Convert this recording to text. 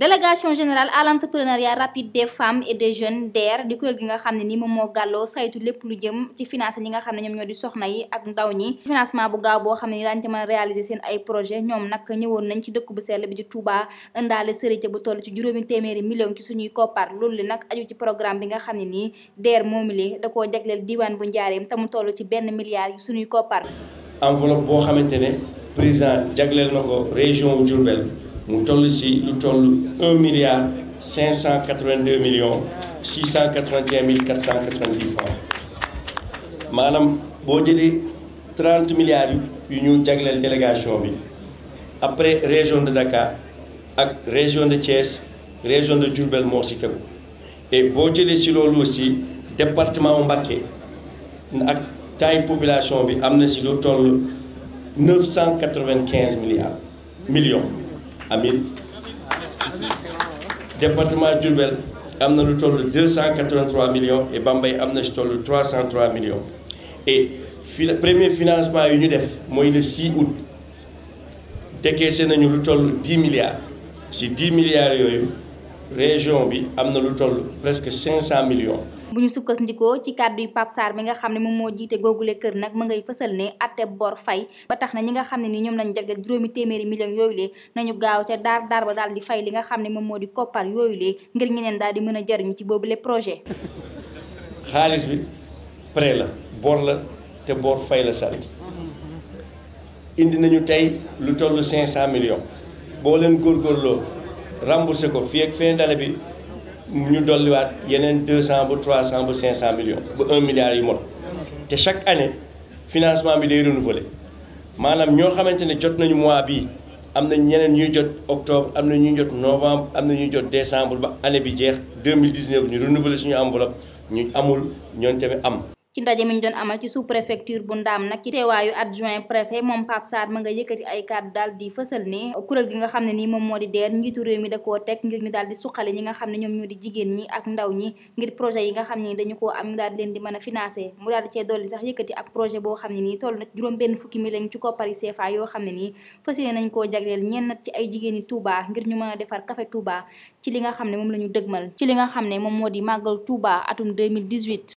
délégation générale à l'entrepreneuriat rapide des femmes et des jeunes DER di kuréel gi nga xam ne ni moom moo gàlloo saytu lépp lu jëm ci financé ñi nga xam ne ñoom ñoo di soxna yi ak ndaw ñi financement bu gaaw boo xam ne ni daañu ci mën réaliser seen ay projet ñoom nag ñëwoon nañ ci dëkk bu sell bi di Touba indaale sërite bu toll ci juróomi téeméeri million ci suñuy koppar loolu li nag aju ci programme bi nga xam ne nii DER li da koo jagleel diiwaan bu njaareem te mu toll ci benn milliard ci suñuy koppar enveloppe boo xamante ne président jagleel na ko région Diourbel mu toll si lu toll un milliard cinq cent quatre-vingt-deux millions six cent quatre-vingt-un mille quatre cent quatre-vingt-dix francs maanaam boo jëlee trente yu ñu jagleel délégation bi après région de Dakar ak région de Thiès région de Diourbel moo si tegu et boo jëlee si loolu aussi département Mbacké ak taille population bi am na si lu toll neuf cent quatre-vingt-quinze milliards millions. amin département Diourbel am na lu toll 283 millions et Bambey am na ci toll 303 millions et fi premier financement yu ñu def mooy le 6 août décaissé nañu lu toll 10 milliards ci 10 milliards yooyu région bi am na lu toll presque 500 millions bu ñu sukkandikoo ci kàddu yi Pape Sarr bi nga xam ne moom moo jiite googule kër nag ma ngay fësal ne atte bor fay ba tax na ñi nga xam ne ni ñoom lañ jagleel juróomi téeméeri millions yooyu lee nañu gaaw ca daar daar ba daal di fay li nga xam ne moom moo di koppar yooyu lee ngir ñeneen daal di mën a jariñu ci boobule projet xaalis bi prêt la bor la te bor fay la sant indi nañu tey lu toll 500 millions boo leen góorgóorloo remboursé ko fii ak fin ñu dolliwaat yeneen deux cent ba trois cent ba cinq cent millions ba un milliard yu mot te chaque année financement bi day renouveler maanaam ñoo xamante ne jot nañu mois bi am na ñeneen ñuy jot octobre am na ñu jot novembre am na ñu jot décembre ba année bi jeex deux mille dix-neuf ñu renouveler suñu enveloppe ñu amul ñoon tamit am. ci ndaje mi ñu doon amal ci sous préfecture bu ndaam nag ci teewaayu adjoint préfet moom Pape ma nga yëkkati ay kàddu daal di fësal ne kuréel gi nga xam ne nii moom moo di DER njiitu réew mi da koo teg ngir ñu daal di ne ñoom ñoo di jigéen ñi ak ndaw ñi ngir projet yi nga xam ne leen di mën a financé mu daal di cee boo xam ne nii toll na juróom benn fukki million ci koppari CFA yoo xam ne nii fas yéene nañ koo jagleel ñenn ci ay jigéen a defar café Touba xam ne moom la ñu dëgmal ci li nga xam ne moom moo di màggal Touba atum 2018